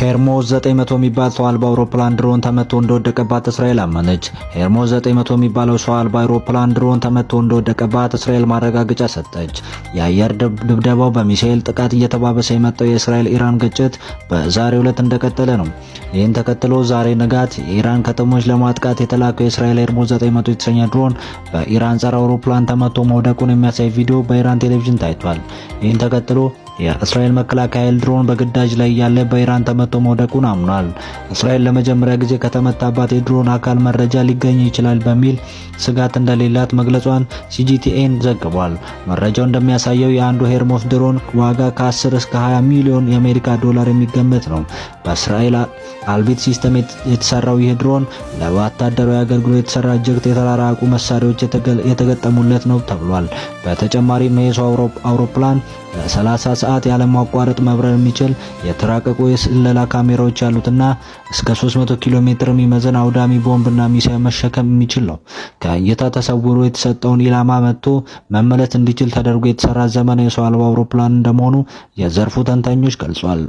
ሄርሞዝ 900 የሚባል ሰው አልባ አውሮፕላን ድሮን ተመቶ እንደወደቀባት እስራኤል አመነች። ሄርሞዝ 900 የሚባለው ሰው አልባ አውሮፕላን ድሮን ተመቶ እንደወደቀባት እስራኤል ማረጋገጫ ሰጠች። የአየር ድብደባው በሚሳኤል ጥቃት እየተባበሰ የመጣው የእስራኤል ኢራን ግጭት በዛሬው ዕለት እንደቀጠለ ነው። ይህን ተከትሎ ዛሬ ንጋት የኢራን ከተሞች ለማጥቃት የተላከው የእስራኤል ሄርሞዝ 900 የተሰኘ ድሮን በኢራን ጸረ አውሮፕላን ተመቶ መውደቁን የሚያሳይ ቪዲዮ በኢራን ቴሌቪዥን ታይቷል። ይህን ተከትሎ የእስራኤል መከላከያ ኃይል ድሮን በግዳጅ ላይ ያለ በኢራን ተመቶ መውደቁን አምኗል። እስራኤል ለመጀመሪያ ጊዜ ከተመታባት የድሮን አካል መረጃ ሊገኝ ይችላል በሚል ስጋት እንደሌላት መግለጿን ሲጂቲኤን ዘግቧል። መረጃው እንደሚያሳየው የአንዱ ሄርሞስ ድሮን ዋጋ ከ10 እስከ 20 ሚሊዮን የአሜሪካ ዶላር የሚገመት ነው። በእስራኤል አልቢት ሲስተም የተሰራው ይህ ድሮን ለወታደራዊ አገልግሎት የተሰራ እጅግ የተራራቁ መሳሪያዎች የተገጠሙለት ነው ተብሏል። በተጨማሪም ይህ አውሮፕላን ለ30 ሰዓት ያለማቋረጥ መብረር የሚችል የተራቀቁ የስለላ ካሜራዎች ያሉትና እስከ 300 ኪሎ ሜትር የሚመዘን አውዳሚ ቦምብና ሚሳይል መሸከም የሚችል ነው። ከእይታ ተሰውሮ የተሰጠውን ኢላማ መጥቶ መመለስ እንዲችል ተደርጎ የተሰራ ዘመናዊ ሰው አልባ አውሮፕላን እንደመሆኑ የዘርፉ ተንታኞች ገልጿል።